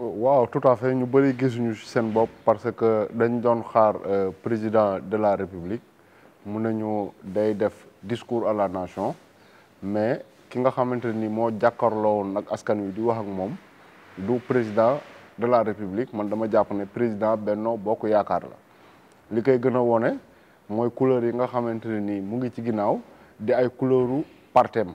waaw tout à fait ñu bëri gisuñu ci seen bopp parce que dañ doon xaar euh, président de la république mun nañu day def discours à la nation mais ki nga xamante ni moo jàkkaarloo woon ak askan wi di wax ak moom du président de la république man dama jàpp ne président Benno Bokk Yaakaar la li koy gën a wone mooy couleur yi nga xamante ne nii mu ngi ci ginnaaw di ay couleuru partem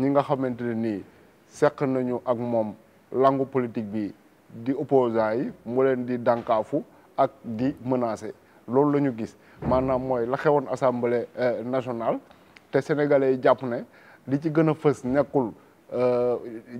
ñi nga xamante ne nii seq nañu ak moom langue politique bi di opposants yi mu leen di dànkaafu ak di menacer loolu la ñu gis maanaam mooy la xewoon assemblée euh, nationale te sénégalais yi jàpp ne li ci gën a fës nekkul euh,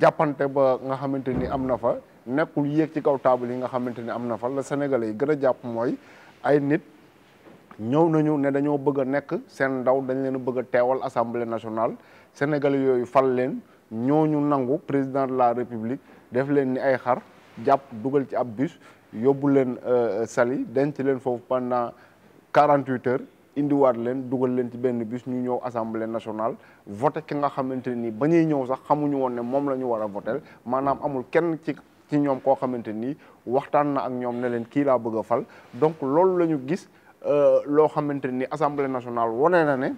jàppante ba nga xamante ni am na fa nekkul yéeg ci kaw taabal yi nga xamante ni am na fa la sénégalais yi gën a jàpp mooy ay nit ñëw nañu ne dañoo bëgg a nekk seen ndaw dañ leen a bëgg a teewal assemblée nationale sénégalais yooyu fal leen ñooñu nangu président de la république def leen ni ay xar jàpp dugal ci ab bus yóbbu leen euh, Saly denc leen foofu pendant quarante huit heures indiwaat leen dugal leen ci benn bus ñu ñëw assemblée nationale vote ki nga xamante nii ba ñuy ñëw sax xamuñu woon ne moom la ñu war a voté maanaam amul kenn ci ci ñoom koo xamante ni waxtaan na ak ñoom ne leen kii laa bëgg a fal donc gis. Euh, loo xamante ni assemblée nationale wane na ne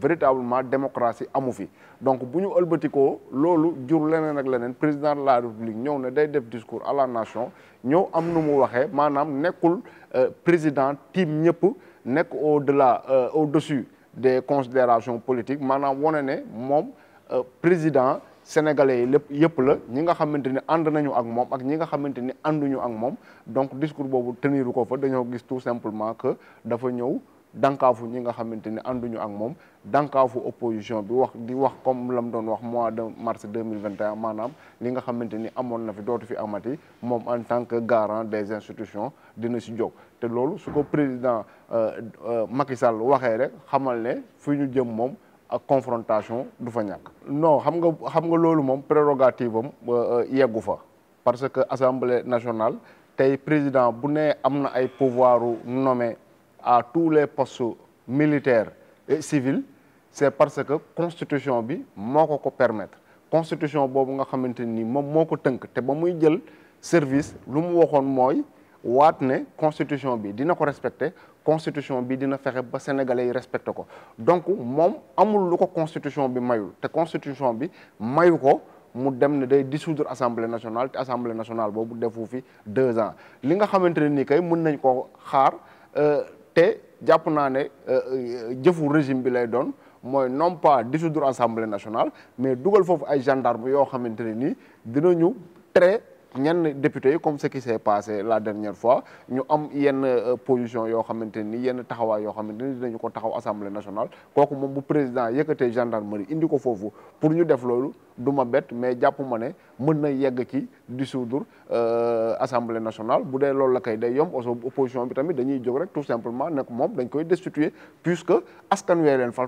véritablement démocratie amu fi donc bu ñu ëlbatikoo loolu jur leneen ak leneen président de la république ñëw ne day def discours à la nation ñëw am nu mu waxee maanaam nekkul euh, président tiim ñëpp nekk au de delà euh, au dessus des considération politique maanaam wane ne moom président sénégalais yi lépp yëpp la ñi nga xamante ni ànd nañu ak moom ak ñi nga xamante ni ànduñu ak moom donc discours boobu teniru ko fa dañoo gis tout simplement que dafa ñëw dankaafu ñi nga xamante ni ànduñu ak moom dankaafu opposition bi wax di wax comme lam doon wax mois de mars deux mille vingt et maanaam li nga xamante ni amoon na fi dootu fi amati moom en tant que garant des institutions dina si jóg te loolu su ko président euh, euh, Macky Sall waxee rek xamal ne fi ñu jëm moom la confrontation du non xam nga xam nga loolu prérogative euh, euh, parce que l'Assemblée nationale le président bu le pouvoir de ay nommer à tous les postes militaires et civils c'est parce que la constitution bi moo ko La constitution boobu nga xamante ni moom pas permis de ba muy jël service lu mu pas mooy constitution bi dina respecter constitution bi dina fexé ba sénégalais respecté ko donc mom amul luko constitution bi mayul té constitution bi mayu ko mu dem né day dissoudre assemblée nationale té assemblée nationale bobu defu fi 2 ans li nga xamante ni kay mën nañ ko xaar euh, te jàpp naa ne euh, euh, jëfu régime bi lay don moy non pas dissoudre assemblée nationale mais dougal fofu ay gendarme yo xamante ni dinañu très ñen député comme ce qui s'est passé la dernière fois ñu am yenn euh, position yo yenn yo ko taxaw assemblée nationale que bu président yëkëté gendarmerie indi ko fofu pour ñu def lolu ma mais jappuma né mën na yegg ci euh, assemblée nationale bu la kay day yom opposition bi tamit dañuy jog rek tout simplement mom dañ koy destituer puisque askan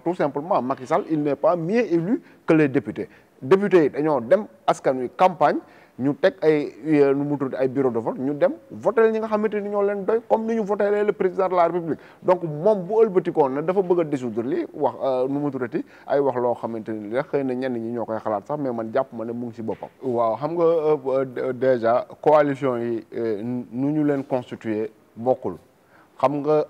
tout simplement Macky Sall il n'est pas mieux élu que les députés députés dem askan campagne ñu teg ay euh, nu mu tudd ay bureau de vote ñu dem voter ñi nga xamante ni ñoo leen doy comme ni ñu voter le président de la république donc moom bu ëlbatikoon na dafa bëgg a dissoudre li wax euh, nu mu tuddati ay wax loo xamante ni rek xëy na ñenn ñi ñoo koy xalaat sax mais man jàpp ma ne mu ngi ci boppam. waaw xam nga euh, déjà coalition yi nu ñu leen constituer bokkul xam nga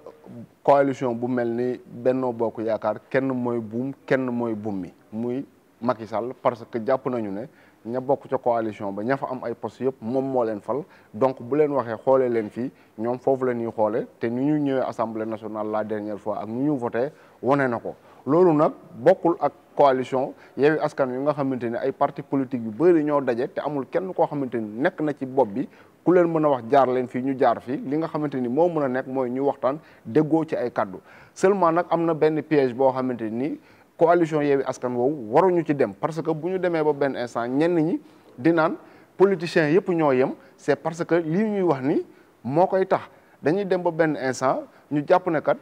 coalition bu mel ni Benno Bokk Yaakaar kenn mooy buum kenn mooy buum mi muy Macky Sall parce que jàpp nañu ne. ña bokk ca coalition ba ña fa am ay postes yëpp moom moo leen fal donc bu leen waxee xoolee leen fii ñoom foofu la ñuy xoole te ni ñuy ñëwee assemblée nationale la dernière fois ak ñu ñu voté wone na ko loolu nag bokkul ak coalition Yewwi Askan Wi nga xamante ni ay parti politique yu bëri ñoo daje te amul kenn koo xamante ni nekk na ci bopp bi ku leen mën a wax jaar leen fii ñu jaar fii li nga xamante ni moo mën a nekk mooy ñu waxtaan déggoo ci ay kaddu seulement nag am na benn piège boo xamante ni coalition Yewwi Askan woowu waruñu ci dem parce que bu ñu demee ba benn instant ñenn ñi di naan politiciens yëpp ñoo yem c'est parce que lii ñuy wax ni moo koy tax dañuy dem ba benn instant ñu jàpp ne kat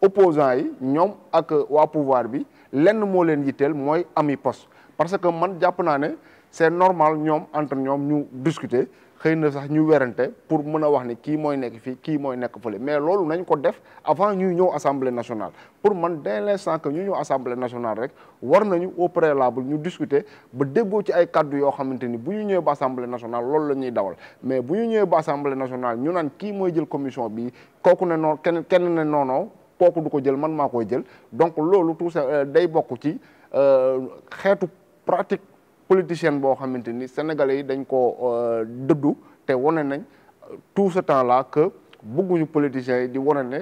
opposants yi ñoom ak waa pouvoir bi lenn moo leen yitteel mooy ami post parce que man jàpp naa ne c'est normal ñoom entre ñoom ñu discuter xëy na sax ñu werante pour mën a wax ni kii mooy nekk fii kii mooy nekk fële mais loolu nañ ko def avant ñuy ñëw assemblée nationale pour man dès l'instant que ñu ñëw assemblée nationale rek war nañu au préalable ñu discuter ba déggoo ci ay kàddu yoo xamante ni bu ñu ñëwee ba assemblée nationale loolu la ñuy dawal mais bu ñu ñëwee ba assemblée nationale ñu naan kii mooy jël commission bi kooku ne noon kenn ne noonoo kooku du ko jël man maa koy jël donc loolu tout ça euh, day bokk ci euh, xeetu politicien boo xamante ni sénégalais yi dañ ko euh, dëddu te wane nañ euh, tout ce temps là que bëgguñu politiciens yi di wane ne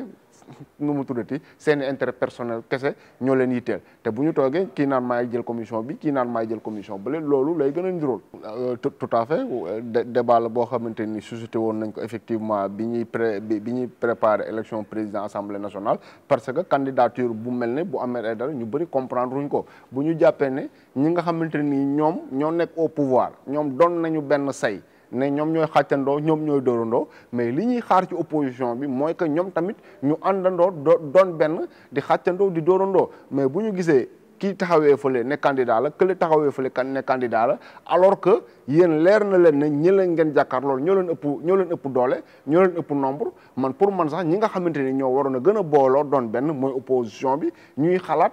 nu mu ti seen intérêt personnel kese ñoo leen yitteel te bu ñu toogee kii naan maay jël commission bi kii naan maay jël commission bële loolu lay gën a niróol. Euh, tout à fait euh, débat boo xamante ni suscité woon nañ ko effectivement bi ñuy pré bi ñuy préparer élection président assemblée nationale parce que candidature bu mel ne bu amee ay dara ñu bëri comprendre ruñ ko bu ñu jàppee ne ñi nga xamante ni ñoom ñoo nekk au pouvoir ñoom doon nañu benn say. ne ñoom ñooy xàccandoo ñoom ñooy doorandoo mais li ñuy xaar ci opposition bi mooy que ñoom tamit ñu àndandoo doon benn di xàccandoo di doorandoo mais bu ñu gisee kii taxawee fële ne candidat la kële taxawee fële kan ne candidat la alors que yéen leer na leen ne ñi leen ngeen jàkkaar ñoo leen ëpp ñoo leen ëpp doole ñoo ëpp nombre man pour man sax ñi nga xamante ni ñoo waroon a gën a booloo doon benn mooy opposition bi ñuy xalaat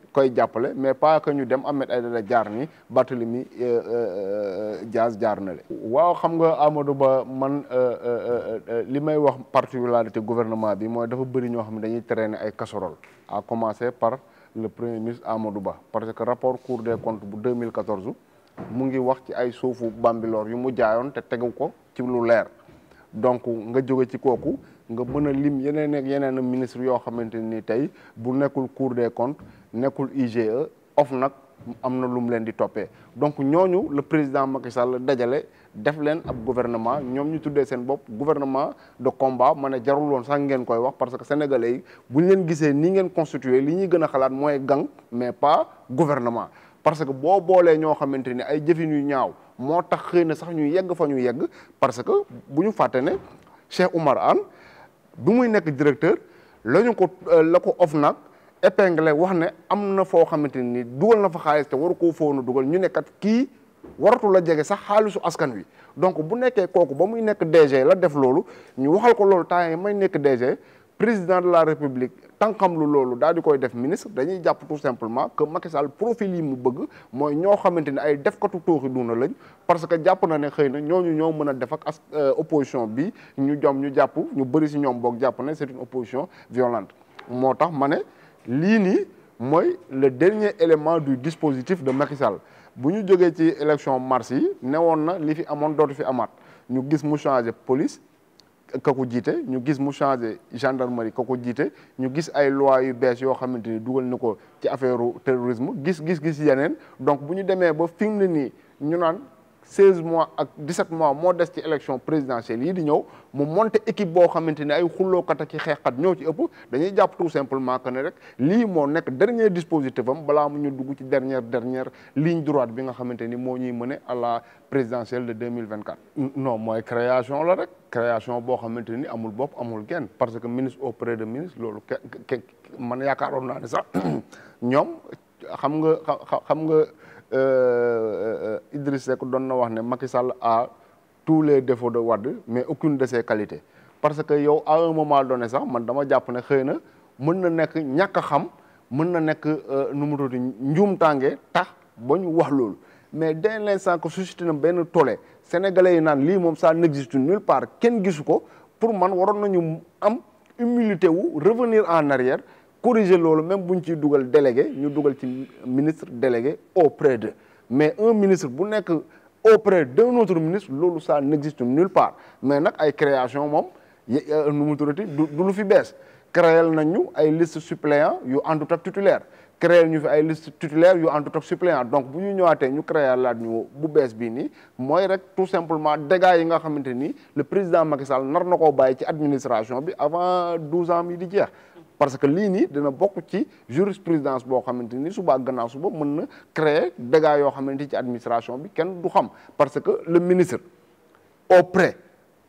koy jàppale mais pas que ñu dem Ahmed Aïdara jaar ni Barthélemy euh, euh, euh, Dias jaar na le waaw xam nga Amadou Ba man li may wax particularité gouvernement bi mooy dafa bëri ñoo xam ne dañuy traîner ay casserole à commencer par le premier ministre Amadou Ba parce que rapport Cour de comptes bu 2014 mu ngi wax ci ay suufu Bambilor yu mu jaayoon te tegu ko ci lu leer donc nga jóge ci kooku nga mën a lim yeneen ak yeneen ministre yoo xamante ni tey bu nekkul cour de comptes nekkul IGE of nag am na lu mu leen di toppee donc ñooñu le président Macky Sall dajale def leen ab gouvernement ñoom ñu tuddee seen bopp gouvernement de combat ma ne jarul woon sax ngeen koy wax parce que sénégalais yi bu ñu leen gisee nii ngeen constitué li ñuy gën a xalaat mooy gang mais pas gouvernement parce que boo boolee ñoo xamante ni ay jëfin yu ñaaw moo tax xëy na sax ñu yegg fa ñu yegg parce que bu ñu fàtte ne Cheikh Oumar Anne bi muy nekk directeur la ko euh, la ko OFNAC épinglé wax ne am na foo xamante ni dugal na fa xaalis te waru koo foonu dugal ñu nekkat kii waratu la jege sax xaalisu askan wi donc bu nekkee kooku ba muy nekk DG la def loolu ñu waxal ko loolu temps yi may nekk DG président de la république tànkam lu loolu daal di koy def ministre dañuy jàpp tout simplement que Macky Sall profil yi mu bëgg mooy ñoo xamante ni ay defkatu tooxi duuna lañ parce que japp na ne xeyna na ñooñu ñoo mën def ak euh, opposition bi ñu jom ñu japp ñu bëri ci ñom bok japp ne c'est une opposition violente motax mané li ni moy le dernier élément du dispositif de Macky Sall bu ñu jógee ci élection mars yi néwon na li fi amoon dootu fi amaat ñu gis mu changer police ka ko jiite ñu gis mu changé gendarmerie ka ko jiite ñu gis ay loi yu bees yoo xamante ni dugal na ko ci affaire terrorisme gis gis gis yeneen donc bu ñu demee ba fi mu ne nii ñu naan 16 mois ak 17 mois mo dess ci élection présidentielle yi di ñëw mu monte équipe bo xamanteni ne ay xullookat ak i xeexkat ñoo ci ëpp dañuy japp tout simplement que ne rek li mo nek dernier dispositif am balaa mu ñu dugg ci dernière dernière ligne droite bi nga xamanteni ni ñuy mëne à la présidentielle de 2024. non mooy création la rek création bo xamanteni ni amul bop amul genn parce que ministre auprès de ministre lolu man yaakaaroon naa ne sax ñom xam nga xam nga. Euh, euh, euh, Idriss Seck doon na wax ne Macky Sall a tous les défauts de Wade mais aucune de ses qualités parce que yow à un moment donné sax man dama jàpp ne xëy na mën na nekk ñàkk xam mën na nekk nu mu tudd njuumtànge tax ba ñu wax loolu mais de l'instant que suscité na benn tollé sénégalais yi naan lii moom ça n'existe nulle part kenn gisu ko pour man waroon nañu am humilité wu revenir en arrière corriger loolu même si nous ciy délégué nous dugal ci ministre délégué auprès de mais un ministre bu nekk auprès d'un autre ministre l'eau ça n'existe nulle part mais nag ay création moom euh, nu mu tuddati Nous avons lu fi bees ay liste suppléant yu àndut ak titulaire Créer ñu fi ay liste titulaire yu àndut top suppléant donc bu ñu ñëwaatee ñu créer nous ñu bu bees tout simplement dégâts yi nga xamante le président Macky Sall nar na koo bàyyi ci administration bi avant 12 ans yi parce que lii nii dina bokk ci jurisprudence boo xamante ni suba ak gannaaw suba mën na créer dégâts yoo xamante ci administration bi kenn du xam parce que le ministre auprès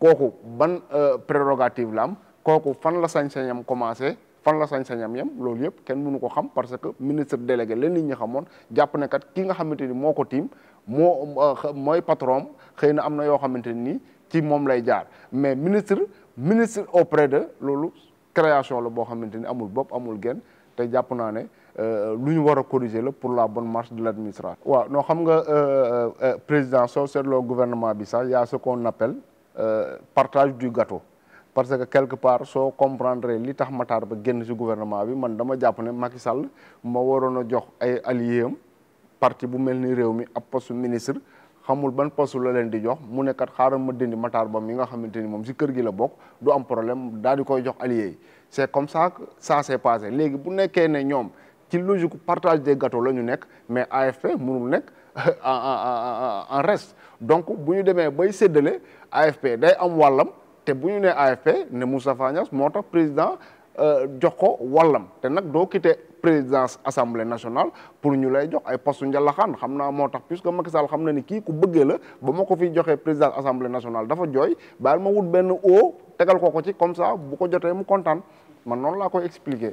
kooku ban euh, prérogative la am kooku fan la sañ-sañam commencé fan la sañ-sañam loolu yëpp kenn mënu ko xam parce que ministre délégué la nit ñi xamoon jàpp ne kat ki nga xamante ni moo ko tiim moo euh, mooy patron xëy na am na yoo xamante nii ci moom lay jaar mais ministre ministre au auprès de loolu création la boo xamante ni amul bopp amul genn te jàpp naa ne euh, lu ñu war a corriger la pour la bonne marche de l'administration waaw non xam nga euh, euh, président soo seetloo gouvernement bi sax y'a ce qu'on appelle partage du gâteau parce que quelque part soo comprendre li tax ma Matar Ba génn ci gouvernement bi man dama jàpp ne Macky Sall ma waroon a jox ay alliés am parti bu mel ni réew mi ab post ministre xamul ban poste la leen di jox mu nekkat xaaral ma dindi Matar Ba mi nga xamante ni moom si kër gi la bokk du am problème daal di koy jox allié yi est comme ça que ça s' est léegi bu nekkee ne ñoom ci logique partage des gâteaux la ñu nekk mais AFP mënul nekk en reste donc bu ñu demee bay séddale AFP day am wàllam te bu ñu nee AFP ne Moustapha Niass moo tax président. Euh, jox ko wallam te nag doo quitté présidence assemblée nationale pour ñu lay jox ay poste njalaxaan xam naa moo tax puisque Macky Sall xam na ni kii ku bëggee la ba ma ko fi joxee présidence assemblée nationale dafa jooy baal ma wut benn o tegal ko ko ci comme ça bu ko jotee mu kontaan ma noonu laa koy expliquer